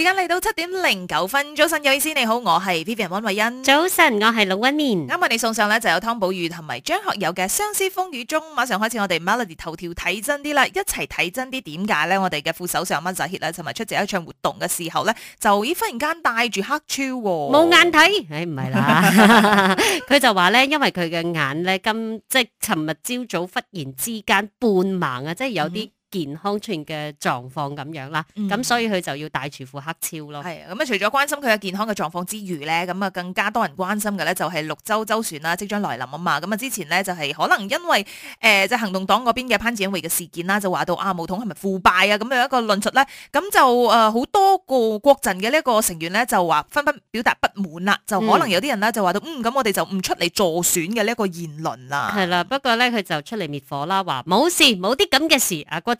時間嚟到七點零九分，早晨有意思，你好，我係 Vivian 溫慧欣，早晨，我係老屈面。啱啱你送上咧就有湯寶如同埋張學友嘅《相思風雨中》，馬上開始我哋 Melody 頭條睇真啲啦，一齊睇真啲。點解咧？我哋嘅副手上蚊仔血咧，尋日出席一場活動嘅時候咧，就咦忽然間戴住黑超、啊，冇眼睇。誒、哎，唔係啦，佢 就話咧，因為佢嘅眼咧今即係尋日朝早忽然之間半盲啊，即係有啲。嗯健康全嘅狀況咁樣啦，咁、嗯、所以佢就要帶住副黑超咯。係咁啊，除咗關心佢嘅健康嘅狀況之餘咧，咁啊更加多人關心嘅咧就係六州州選啦，即將來臨啊嘛。咁、嗯、啊之前咧就係可能因為誒即係行動黨嗰邊嘅潘展偉嘅事件啦，就話到啊武統係咪腐敗啊咁有一個論述咧，咁就誒好多個國陣嘅呢一個成員咧就話紛紛表達不滿啦，就可能有啲人咧就話到嗯咁我哋就唔出嚟助選嘅呢一個言論啦、啊。係啦、嗯，不過咧佢就出嚟滅火啦，話冇事冇啲咁嘅事，國陣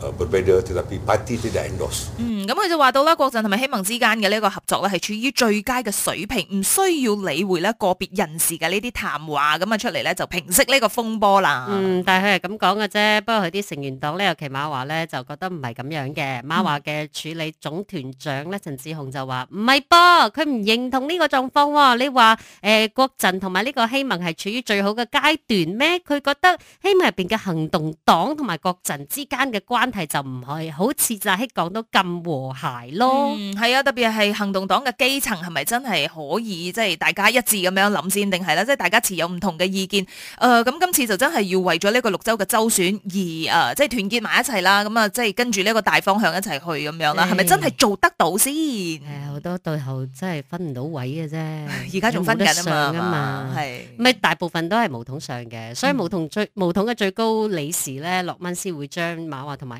誒，不變的，但係 Party 都唔 endorse。嗯，咁佢就話到啦，國陣同埋希盟之間嘅呢個合作咧，係處於最佳嘅水平，唔需要理會咧個別人士嘅呢啲談話咁啊，出嚟咧就平息呢個風波啦。嗯，但係佢係咁講嘅啫，不過佢啲成員黨咧尤其馬華咧就覺得唔係咁樣嘅。馬華嘅處理總團長咧陳志雄就話唔係噃，佢唔認同呢個狀況喎。你話誒國陣同埋呢個希盟係處於最好嘅階段咩？佢覺得希盟入邊嘅行動黨同埋國陣之間嘅關問題就唔係好似扎希講到咁和諧咯，嗯，係啊，特別係行動黨嘅基層係咪真係可以即係、就是、大家一致咁樣諗先，定係咧即係大家持有唔同嘅意見？誒、呃、咁、嗯、今次就真係要為咗呢個六州嘅州選而誒，即係團結埋一齊啦，咁啊，即、就、係、是啊嗯就是、跟住呢個大方向一齊去咁樣啦，係咪、欸、真係做得到先？好多、欸、對後真係分唔到位嘅啫，而家仲分緊啊嘛，係咪、啊、大部分都係巫統上嘅，所以巫統最、嗯、巫統嘅最高理事咧，駱文斯會將馬華同埋。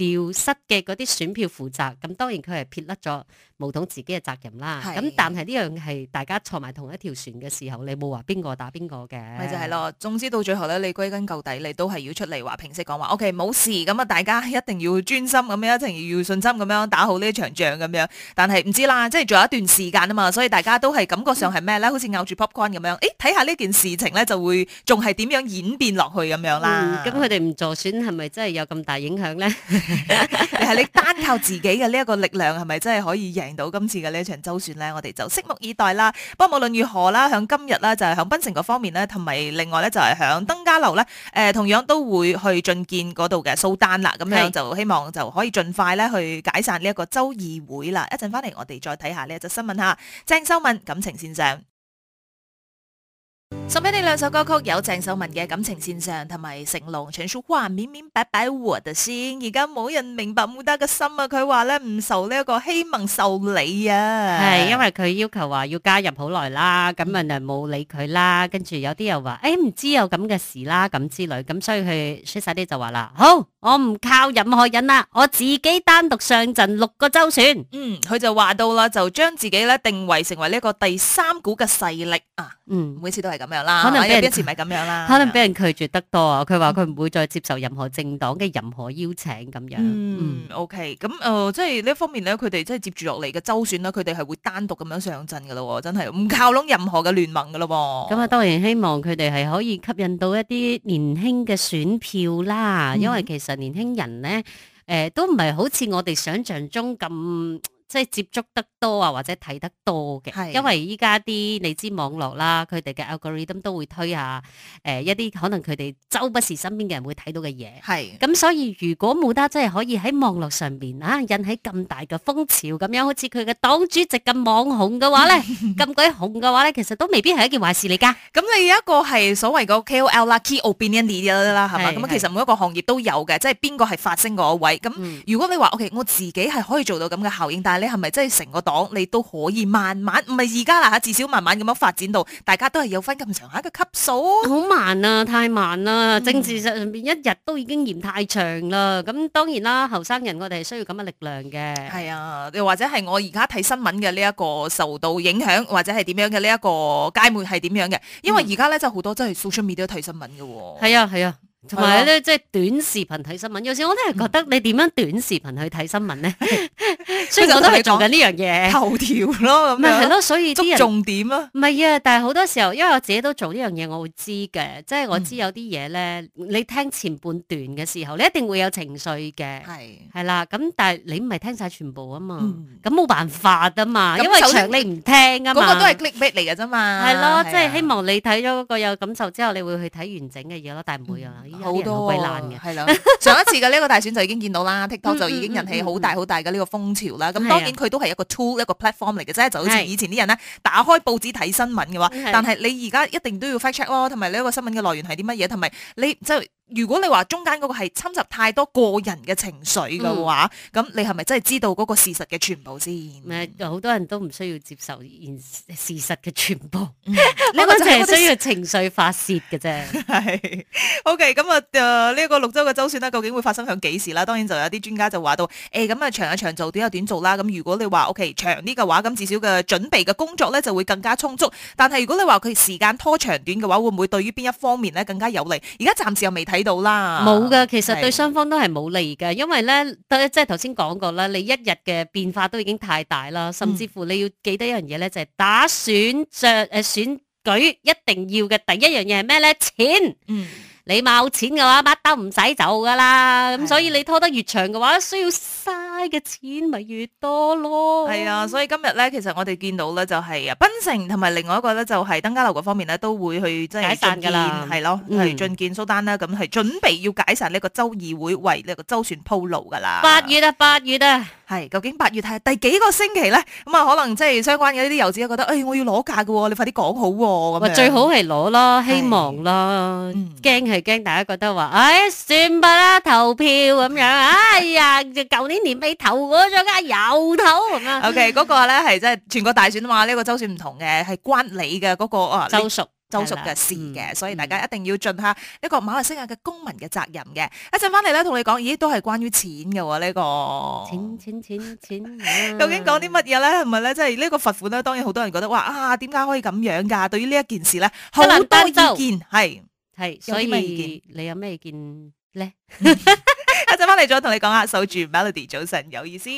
掉失嘅嗰啲選票負責，咁當然佢係撇甩咗毛筒自己嘅責任啦。咁的但係呢樣係大家坐埋同一條船嘅時候，你冇話邊個打邊個嘅。咪就係咯，總之到最後咧，你歸根究底，你都係要出嚟話平息講話，OK 冇事。咁啊，大家一定要專心，咁樣一定要信心，咁樣打好呢一場仗咁樣。但係唔知啦，即係仲有一段時間啊嘛，所以大家都係感覺上係咩咧？嗯、好似咬住 popcorn 咁樣。誒、欸，睇下呢件事情咧，就會仲係點樣演變落去咁樣啦。咁佢哋唔助選係咪真係有咁大影響咧？係 你，你單靠自己嘅呢一個力量，係咪真係可以贏到今次嘅呢一場周選呢？我哋就拭目以待啦。不過無論如何啦，響今日啦，就係、是、響檳城嗰方面呢，同埋另外呢，就係響登嘉樓呢，誒同樣都會去進見嗰度嘅蘇丹啦。咁樣就希望就可以儘快呢去解散呢一個周議會啦。是會一陣翻嚟，我哋再睇下呢一則新聞吓。鄭秀敏感情線上。送俾你兩首歌曲，有鄭秀文嘅《感情線上》同埋成龍、陳淑樺《明明白白我的心》，而家冇人明白冇得嘅心啊！佢話咧唔受呢一個欺蒙受理啊！係因為佢要求話要加入好耐啦，咁咪就冇理佢啦。跟住有啲又話，誒、欸、唔知有咁嘅事啦，咁之類，咁所以佢出晒啲就話啦，好，我唔靠任何人啦，我自己單獨上陣六個周旋。嗯，佢就話到啦，就將自己咧定位成為呢一個第三股嘅勢力啊。嗯，每次都係咁樣。可能俾人前咪咁樣啦，可能俾人拒絕得多啊。佢話佢唔會再接受任何政黨嘅任何邀請咁樣。嗯，OK，咁誒，即係呢一方面咧，佢哋即係接住落嚟嘅州選咧，佢哋係會單獨咁樣上陣噶咯，真係唔靠攏任何嘅聯盟噶咯。咁啊、嗯，當然希望佢哋係可以吸引到一啲年輕嘅選票啦。因為其實年輕人咧，誒、呃、都唔係好似我哋想象中咁。即係接觸得多啊，或者睇得多嘅，因為依家啲你知網絡啦，佢哋嘅 algorithm 都會推下誒、呃、一啲可能佢哋周不時身邊嘅人會睇到嘅嘢。係咁、嗯，所以如果冇得即係可以喺網絡上面啊引起咁大嘅風潮樣，咁樣好似佢嘅黨主席咁網紅嘅話咧，咁鬼紅嘅話咧，其實都未必係一件壞事嚟噶。咁、嗯、你有一個係所謂個 KOL 啦，Key opinion leader 啦，係嘛？咁其實每一個行業都有嘅，即係邊個係發聲嗰位。咁如果你話、嗯、OK，我自己係可以做到咁嘅效應，但你係咪真係成個黨？你都可以慢慢唔係而家啦吓，至少慢慢咁樣發展到，大家都係有翻咁上下嘅級數。好慢啊，太慢啦！嗯、政治上面一日都已經嫌太長啦。咁當然啦，後生人我哋係需要咁嘅力量嘅。係啊，又或者係我而家睇新聞嘅呢一個受到影響，或者係點樣嘅呢一個街媒係點樣嘅？因為而家咧就好多真係 social media 都睇新聞嘅、哦。係啊係啊，同埋咧即係短視頻睇新聞。的有時我都係覺得你點樣短視頻去睇新聞咧？ 所以我都係做緊呢樣嘢，頭條咯咁。唔係係咯，所以啲人捉重點啊。唔係啊，但係好多時候，因為我自己都做呢樣嘢，我會知嘅。即係我知有啲嘢咧，你聽前半段嘅時候，你一定會有情緒嘅。係係啦，咁但係你唔係聽晒全部啊嘛，咁冇辦法啊嘛。因為你唔聽啊嘛。嗰個都係 click bait 嚟嘅啫嘛。係咯，即係希望你睇咗嗰個有感受之後，你會去睇完整嘅嘢咯，但係唔會啊。好多好鬼懶嘅係啦。上一次嘅呢個大選就已經見到啦，TikTok 就已經引起好大好大嘅呢個風潮。咁當然佢都係一個 two、啊、一個 platform 嚟嘅，啫。就好似以前啲人咧打開報紙睇新聞嘅話，啊、但係你而家一定都要 fact check 咯、哦，同埋你一個新聞嘅來源係啲乜嘢，同埋你就。如果你話中間嗰個係侵襲太多個人嘅情緒嘅話，咁、嗯、你係咪真係知道嗰個事實嘅全部先？好多人都唔需要接受現事，事實嘅全部，呢、嗯、 個真係需要情緒發泄嘅啫。OK 咁啊，呢、okay, uh，個六周嘅周轉究竟會發生喺幾時啦？當然就有啲專家就話到，誒咁啊，長有長做，短有短做啦。咁如果你話 OK 長啲嘅話，咁至少嘅準備嘅工作咧就會更加充足。但係如果你話佢時間拖長短嘅話，會唔會對於邊一方面咧更加有利？而家暫時又未睇。啦，冇噶，其實對雙方都係冇利噶，的因為咧，即係頭先講過啦，你一日嘅變化都已經太大啦，甚至乎你要記得一樣嘢咧，就係打選、呃、選舉一定要嘅第一樣嘢係咩咧？錢，嗯、你冇錢嘅話，乜都唔使走噶啦，咁的所以你拖得越長嘅話，需要三嘅錢咪越多咯，係啊，所以今日咧，其實我哋見到咧就係啊，檳城同埋另外一個咧就係登嘉樓嗰方面咧都會去即係見，係咯，係進見蘇丹啦，咁係準備要解散呢個州議會為呢個州選鋪路噶啦。八月啊，八月啊，係究竟八月係第幾個星期咧？咁啊，可能即係相關嘅呢啲遊子覺得，誒，我要攞價嘅喎，你快啲講好喎咁樣。最好係攞啦，希望啦，驚係驚，大家覺得話，唉，算吧啦，投票咁樣，哎呀，舊年年尾。頭嗰張加油頭，咁啊？OK，嗰 個咧係即係全國大選啊嘛，呢、這個州選唔同嘅，係關你嘅嗰、那個啊州屬屬州屬嘅事嘅，的所以大家一定要盡下一個馬來西亞嘅公民嘅責任嘅。一陣翻嚟咧，同你講，咦，都係關於錢嘅呢、這個錢錢錢錢，錢錢錢啊、 究竟講啲乜嘢咧？係咪咧？即係呢個罰款咧？當然，好多人覺得哇啊，點解可以咁樣噶？對於呢一件事咧，多好多意見係係，所以有意你有咩意見咧？ 翻嚟再同你講下，守住 Melody 早晨，有意思，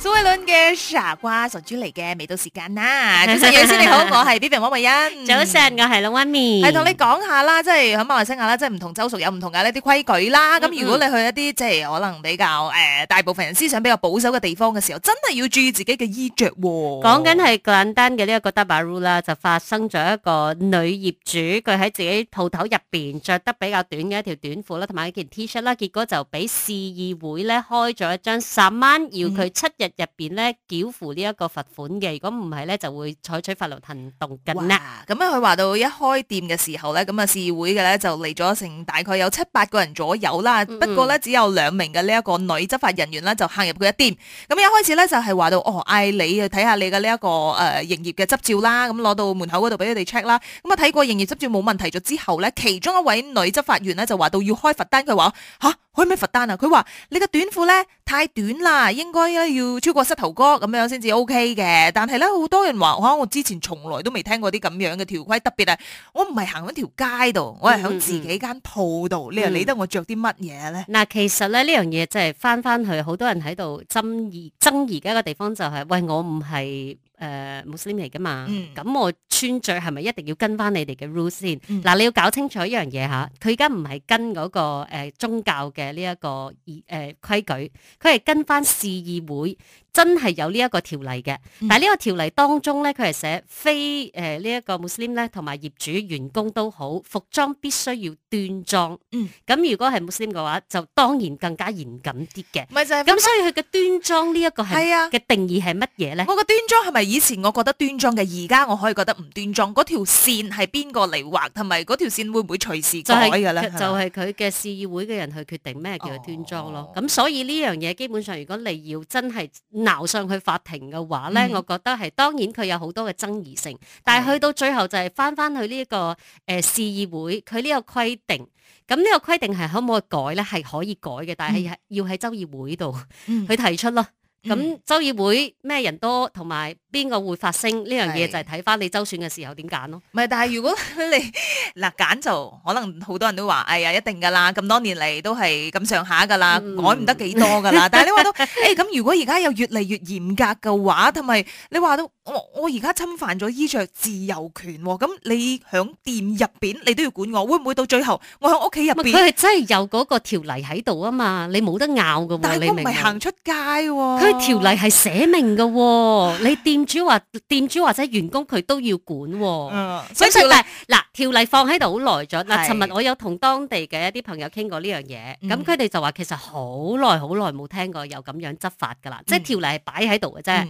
蘇慧倫嘅傻瓜神豬嚟嘅，未到時間啦。早晨楊思你好，我係 d i a n Wong 文欣。早晨，我係老屈面，係同你講下啦，即係喺馬來西亞啦，即係唔同州屬有唔同嘅呢啲規矩啦。咁如果你去一啲即係可能比較誒，大部分人思想比較保守嘅地方嘅時候，真係要注意自己嘅衣着。講緊係簡單嘅呢一個 double rule 啦，就發生咗一個女業主，佢喺自己鋪頭入邊着得比較短嘅一條短褲啦，同埋一件 t 恤啦，結果就俾議會咧開咗一張十蚊，要佢七日入面咧繳付呢一個罰款嘅。如果唔係咧，就會採取法律行動嘅啦。咁啊，佢話到一開店嘅時候咧，咁啊，市議會嘅咧就嚟咗成大概有七八個人左右啦。嗯、不過咧，只有兩名嘅呢一個女執法人員呢就行入佢一店。咁、嗯、一開始咧就係話到哦，嗌你去睇下你嘅呢一個營業嘅執照啦，咁攞到門口嗰度俾佢哋 check 啦。咁啊，睇過營業執照冇問題咗之後咧，其中一位女執法員咧就話到要開罰單，佢話吓開咩罰單啊？哇，你話你個短褲咧？太短啦，應該咧要超過膝頭哥咁樣先至 O K 嘅。但係咧，好多人話，哇！我之前從來都未聽過啲咁樣嘅條規，特別係我唔係行咗條街度，我係喺自己間鋪度，嗯、你又理得我着啲乜嘢咧？嗱、嗯嗯，其實咧呢樣嘢就係翻翻去，好多人喺度爭議爭議嘅一個地方就係、是，喂，我唔係誒穆斯林嚟噶嘛，咁、嗯、我穿着係咪一定要跟翻你哋嘅 rule 先？嗱、嗯，你要搞清楚一樣嘢嚇，佢而家唔係跟嗰、那個、呃、宗教嘅呢一個誒、呃、規矩。佢係跟翻市議會。真係有呢一個條例嘅，但係呢個條例當中咧，佢係寫非誒、呃這個、呢一個穆斯林咧，同埋業主、員工都好，服裝必須要端莊。嗯，咁如果係穆斯林嘅話，就當然更加嚴謹啲嘅。咪咁，所以佢嘅端莊呢一個係嘅、啊、定義係乜嘢咧？我個端莊係咪以前我覺得端莊嘅，而家我可以覺得唔端莊？嗰條線係邊個嚟畫，同埋嗰條線會唔會隨時改㗎咧？就係、是、吧就係佢嘅市議會嘅人去決定咩叫做端莊咯。咁、oh. 所以呢樣嘢基本上，如果你要真係。鬧上去法庭嘅話呢，嗯、我覺得係當然佢有好多嘅爭議性，但係去到最後就係返返去呢個誒、呃、市議會，佢呢個規定，咁呢個規定係可唔可以改呢？係可以改嘅，但係要喺州議會度去提出咯。咁、嗯、州議會咩人多同埋？邊個會發生呢樣嘢就係睇翻你周選嘅時候點揀咯。唔係，但係如果你嗱揀，就可能好多人都話，哎呀，一定噶啦，咁多年嚟，都係咁上下噶啦，嗯、改唔得幾多噶啦。嗯、但係你話到，誒咁 如果而家又越嚟越嚴格嘅話，同埋你話到，我我而家侵犯咗衣著自由權，咁你響店入邊你都要管我，會唔會到最後我響屋企入邊？佢係真係有嗰個條例喺度啊嘛，你冇得拗噶。但係我唔係行出街，啊，佢條例係寫明噶，啊，你店店主話：店主或者員工佢都要管、哦嗯，所以條例嗱條例放喺度好耐咗。嗱是，尋日我有同當地嘅一啲朋友傾過呢樣嘢，咁佢哋就話其實好耐好耐冇聽過有咁樣執法㗎喇，嗯、即係條例係擺喺度嘅啫。嗯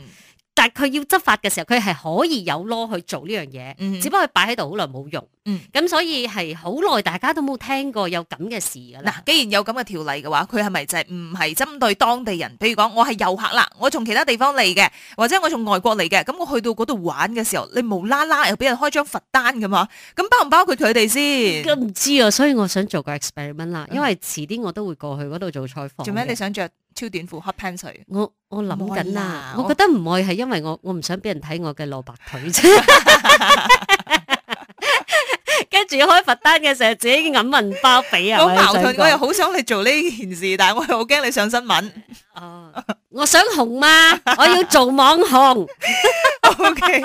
但係佢要執法嘅時候，佢係可以有囉去做呢樣嘢，嗯、只不過擺喺度好耐冇用。咁、嗯、所以係好耐，大家都冇聽過有咁嘅事。嗱、啊，既然有咁嘅條例嘅話，佢係咪就係唔係針對當地人？譬如講，我係遊客啦，我從其他地方嚟嘅，或者我從外國嚟嘅，咁我去到嗰度玩嘅時候，你無啦啦又俾人開張罰單㗎嘛？咁包唔包括佢哋先？唔、嗯嗯啊、知啊，所以我想做個 experiment 啦，因為遲啲我都會過去度做採訪。做咩、嗯啊、你想著超短褲黑 pen 水，我我諗緊我覺得唔愛係因為我我唔想俾人睇我嘅蘿蔔腿啫。跟 住 開罰單嘅時候自己揞銀包俾啊！好矛盾，過我又好想你做呢件事，但係我又好驚你上新聞。哦， 我想紅嘛，我要做網紅。O K，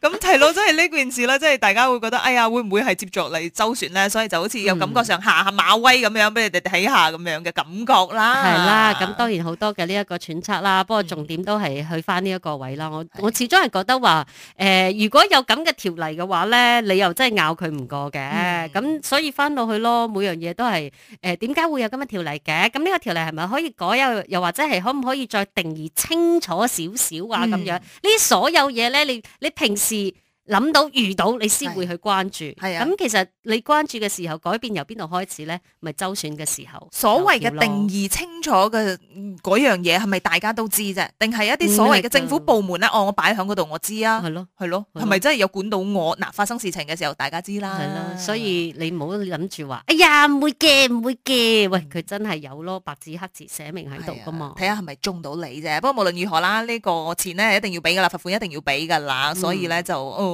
咁提到真係呢件事啦，即係大家會覺得，哎呀，會唔會係接住嚟，周旋咧？所以就好似有感覺上、嗯、下下馬威咁樣，俾你哋睇下咁樣嘅感覺啦。係啦，咁當然好多嘅呢一個揣測啦，不過重點都係去翻呢一個位啦。我的我始終係覺得話，誒、呃，如果有咁嘅條例嘅話咧，你又真係咬佢唔過嘅。咁、嗯、所以翻到去咯，每樣嘢都係誒、點、呃、解會有咁嘅條例嘅？咁呢個條例係咪可以改又又或者係？可唔可以再定義清楚少少啊？咁、嗯、樣，呢啲所有嘢咧，你你平時。諗到遇到你先會去關注，咁其實你關注嘅時候，改變由邊度開始咧？咪周選嘅時候，的時候所謂嘅定義清楚嘅嗰樣嘢，係咪大家都知啫？定係一啲所謂嘅政府部門咧？的哦，我擺喺嗰度，我知啊，係咯係咯，係咪真係有管到我？嗱，發生事情嘅時候，大家知啦，係咯的，所以你唔好諗住話，哎呀唔會嘅唔會嘅，嗯、喂，佢真係有咯，白紙黑字寫明喺度噶嘛，睇下係咪中到你啫。不過無論如何啦，呢、這個錢咧一定要俾噶啦，罰款一定要俾噶啦，嗯、所以咧就。哦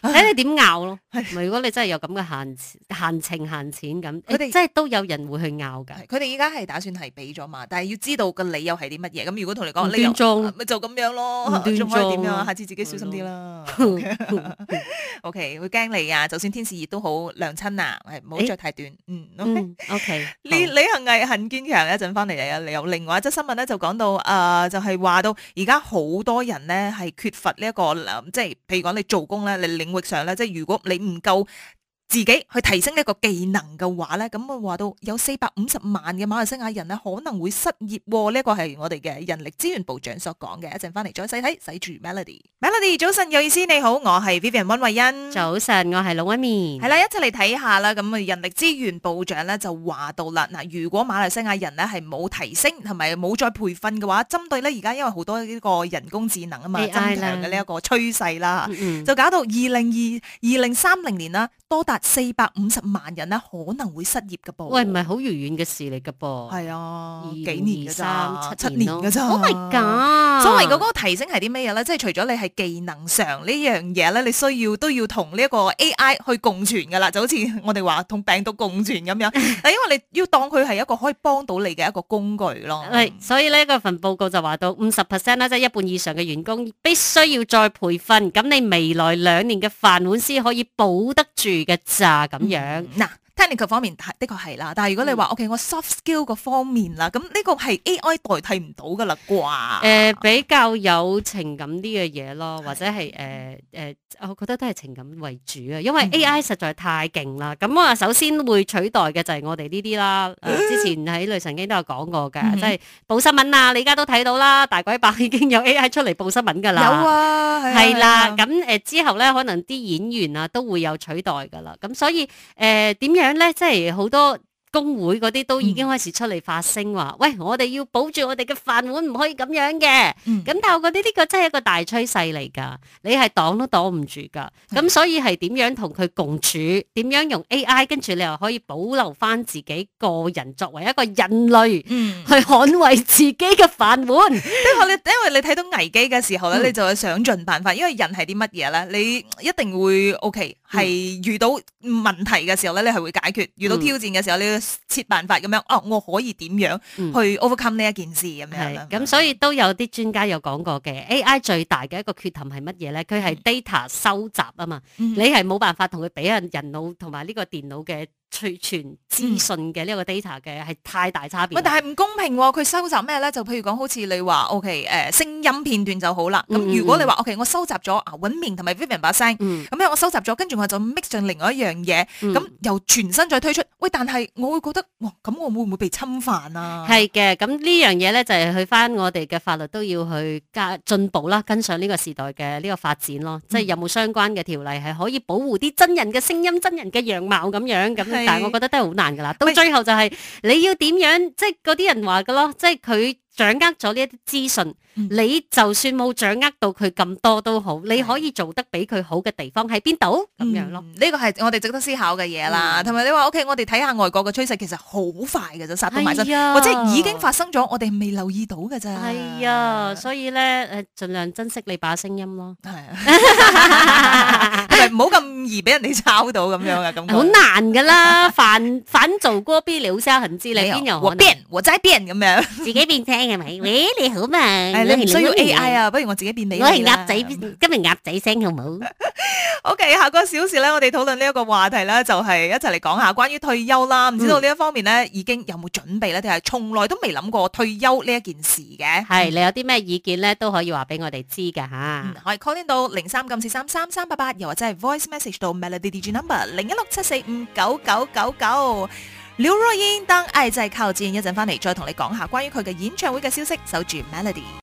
睇你點拗咯，咪是如果你真係有咁嘅閒閒情閒錢咁，佢哋們、欸、真係都有人會去拗噶。佢哋依家係打算係俾咗嘛，但係要知道個理由係啲乜嘢。咁如果同你講，端莊咪、啊、就咁樣咯，端莊、啊、可以點樣？下次自己小心啲啦。O K，會驚你啊！就算天時熱都好涼親啊，唔好着太短。欸、嗯，O K，O K。李李行毅、陳建強一陣翻嚟嚟，你有另外一則新聞咧，就講到誒，就係話到而家好多人咧係缺乏呢、這、一個，即係譬如講你做工咧，你令。域上咧，即係如果你唔夠。自己去提升呢個技能嘅話咧，咁啊話到有四百五十萬嘅馬來西亞人咧可能會失業，呢一個係我哋嘅人力資源部長所講嘅。一陣翻嚟再細睇，睇住 Melody，Melody Mel 早晨有意思，你好，我係 Vivian 溫慧欣，早晨，我係老溫面，係啦，一齊嚟睇下啦。咁啊，人力資源部長咧就話到啦，嗱，如果馬來西亞人咧係冇提升，同埋冇再培訓嘅話，針對咧而家因為好多呢個人工智能啊嘛 AI 增強嘅呢一個趨勢啦，了嗯嗯就搞到二零二二零三零年啦多達。四百五十萬人咧可能會失業嘅噃，喂唔係好遙遠嘅事嚟嘅噃，係啊，二五幾年嘅啫，七年七年嘅啫，哦、oh、my God，所謂嗰個提升係啲咩嘢咧？即係除咗你係技能上呢樣嘢咧，你需要都要同呢一個 AI 去共存噶啦，就好似我哋話同病毒共存咁樣，啊， 因為你要當佢係一個可以幫到你嘅一個工具咯。係， 所以咧份報告就話到五十 percent 咧，即、啊、係、就是、一半以上嘅員工必須要再培訓，咁你未來兩年嘅飯碗先可以保得住嘅。就咁樣嗱？嗯 technical 方面的確係啦，但係如果你話、嗯、OK，我 soft skill 個方面啦，咁呢個係 AI 代替唔到㗎啦啩？誒、呃，比較有情感啲嘅嘢咯，或者係誒誒，我覺得都係情感為主啊，因為 AI 實在太勁啦。咁啊、嗯，首先會取代嘅就係我哋呢啲啦。之前喺女神經都有講過㗎，即係、嗯、報新聞啊，你而家都睇到啦，大鬼白已經有 AI 出嚟報新聞㗎啦。有啊，係啦。咁誒之後咧，可能啲演員啊都會有取代㗎啦。咁、嗯、所以誒點、呃、樣？即係好多工會嗰啲都已經開始出嚟發聲，話、嗯、喂，我哋要保住我哋嘅飯碗，唔可以咁樣嘅。咁、嗯、但係我覺得呢個真係一個大趨勢嚟噶，你係擋都擋唔住噶。咁、嗯、所以係點樣同佢共處？點樣用 AI？跟住你又可以保留翻自己個人作為一個人類，嗯、去捍衛自己嘅飯碗。嗯、 因為你，睇到危機嘅時候咧，嗯、你就會想盡辦法。因為人係啲乜嘢呢？你一定會 OK。係遇到問題嘅時候咧，你係會解決；遇到挑戰嘅時候，嗯、你要設辦法咁樣。哦、啊，我可以點樣去 overcome 呢一、嗯、件事咁咁是所以都有啲專家有講過嘅。AI 最大嘅一個缺陷係乜嘢咧？佢係 data 收集啊嘛，嗯、你係冇辦法同佢比人人腦同埋呢個電腦嘅。儲存資訊嘅呢個 data 嘅係太大差別。喂，但係唔公平喎，哦！佢收集咩咧？就譬如講，好似你話 OK 誒，聲音片段就好啦。咁、嗯、如果你話 OK，我收集咗啊，搵面同埋 Vivian 把聲。咁、嗯、我收集咗，跟住我就 mix 上另外一樣嘢。咁、嗯、又全身再推出。喂，但係我會覺得，哇！咁我會唔會被侵犯啊？係嘅，咁呢樣嘢咧就係、是、去翻我哋嘅法律都要去加進步啦，跟上呢個時代嘅呢個發展咯。即係有冇相關嘅條例係可以保護啲真人嘅聲音、真人嘅樣貌咁樣咁？但我覺得都係好難的到最後就係你要點樣，即係嗰啲人話嘅咯，即、就是、他佢掌握咗這些資訊你就算冇掌握到佢咁多都好，你可以做得比佢好嘅地方喺邊度咁樣咯？呢個係我哋值得思考嘅嘢啦。同埋、嗯、你話，OK，我哋睇下外國嘅趨勢，其實好快噶咋，殺到埋身，哎、呀或者已經發生咗，我哋未留意到噶咋。係啊、哎，所以咧，誒，盡量珍惜你把聲音咯。係啊、哎呀，唔好咁易俾人哋抄到咁樣嘅感覺。好 難噶啦，反反做歌必留下痕跡，你邊、哎、呦有我變，我在變咁樣，自己變聽係咪？喂， 你好咩？嗯、需要 A. I. 啊，不如我自己變你。我係鴨仔，今日鴨仔聲好唔好？O. K. 下個小時咧，我哋討論呢一個話題啦，就係、是、一齊嚟講下關於退休啦。唔知道呢一方面咧，嗯、已經有冇準備咧，定係從來都未諗過退休呢一件事嘅？係你有啲咩意見咧，都可以話俾我哋知噶吓。可以 call 到零三九四三三三八八，8, 又或者係 voice message 到 Melody DJ Number 零一六七四五九九九九。廖 n 煙，唉，真、哎、仔、就是、靠戰，一陣翻嚟再同你講下關於佢嘅演唱會嘅消息。守住 Melody。